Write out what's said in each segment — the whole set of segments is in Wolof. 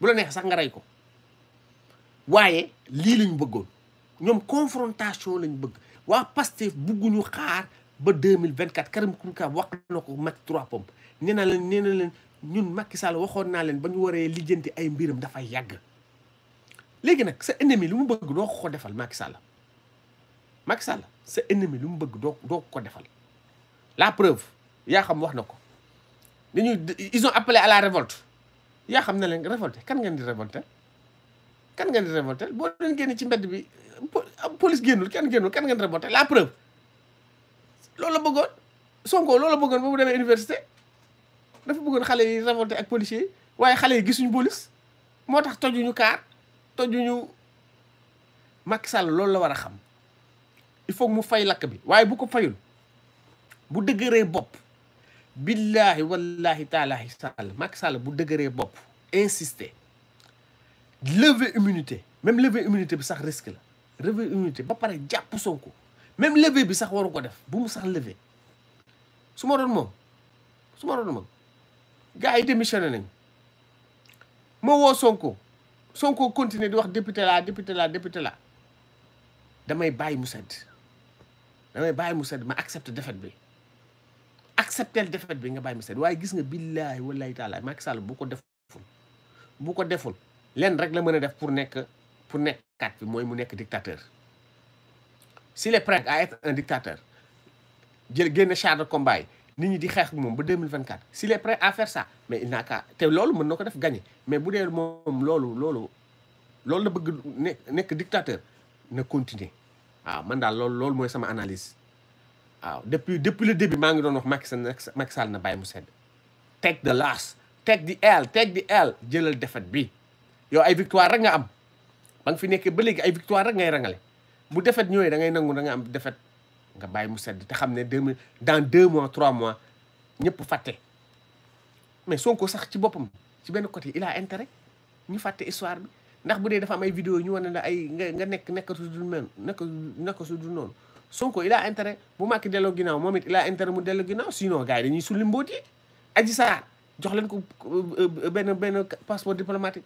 bu la neex sax nga rey ko waaye lii lañu bëggoon ñoom confrontation lañu bëgg waa Pastef bugguñu xaar ba 2024 Karim Kounka wax na ko Macky trois pommes nee na leen nee na leen ñun makki Sall waxoon naa leen ba ñu waree lijjanti ay mbiram dafay yàgg léegi nag sa ennemi lu mu bëgg doo ko defal Macky Sall Macky Sall sa ennemi lu mu bëgg doo doo ko defal la preuve yaa xam wax na ko dañuy ils ont appelé à la révolte yaa xam ne leen révolté ken ngeen di révolté kan ngeen di révolté boo leen génne ci mbedd bi ah, police génnul kenn génnul kan ngeen révolté la preuve loolu la bëggoon Sonko loolu la bëggoon ba mu demee université dafa bëggoon xale yi révolté ak policiers yi waaye xale yi gisuñu police moo tax tojuñu kaar tojuñu Macky Sall loolu la war a xam il faut mu fay lakk bi waaye bu ko fayul bu dëgëree bopp billaahi wallaahi taalaahi sàll Macky Sall bu dëgëree bopp insister lever immunité même lever immunité bi sax risque la lever immunité ba pare jàpp Sonko même lever bi sax waru ko def bu mu sax lever su ma doon moom su ma moom gars yi démissionné nañ ma woo Sonko Sonko continuer di wax député la député la député la damay bàyyi mu sedd damay bàyyi mu sedd ma accepte défaite bi accepter défaite bi nga bàyyi Missirah waaye gis nga billaay wallaay taalaay Macky Sall bu ko deful bu ko deful lenn rek la mën a def pour nekk pour nekk kat bi mooy mu nekk dictateur s'il est prêt à être un dictateur jël génn char de combat nit ñi di xeex moom ba 2024 s'il est prêt à faire ça mais il n'a qu'à te loolu mën na ko def gagné mais bu dee moom loolu loolu loolu la bëgg nekk dictateur na continuer waaw man daal loolu loolu mooy sama analyse waaw depuis depuis le début maa ngi doon wax Macky Sall na bàyyi mu sedd take the last, take the L take the L jëlal défaite bi yow ay victoire rek nga am ba nga fi nekkee ba léegi ay victoire rek ngay rangale bu défaite ñëwee da ngay nangu da nga am défaite nga bàyyi mu sedd te xam ne deux dans deux mois trois mois ñëpp fàtte mais Sonko sax ci boppam ci benn côté il a intérêt ñu fàtte histoire bi ndax bu dee dafa am ay vidéo ñu wane ne ay nga nga nekk nekk su dul nekk nekk su noonu Sonko il a intérêt bu Macky delloo ginnaaw moom it il a mu delloo ginnaaw sinon gars yi dañuy sulli mbóot yi Adji Sarr jox leen ko euh, benn benn passeport diplomatique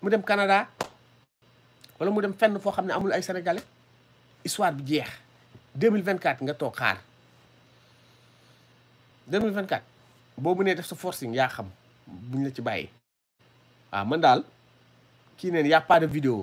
mu dem Canada wala mu dem fenn foo xam ne amul ay sénégalais histoire bi jeex mille 2024 nga toog xaar 2024 boobu ne def sa forcing yaa xam buñ la ci bàyyi waaw ah, man daal kii neen y' de vidéo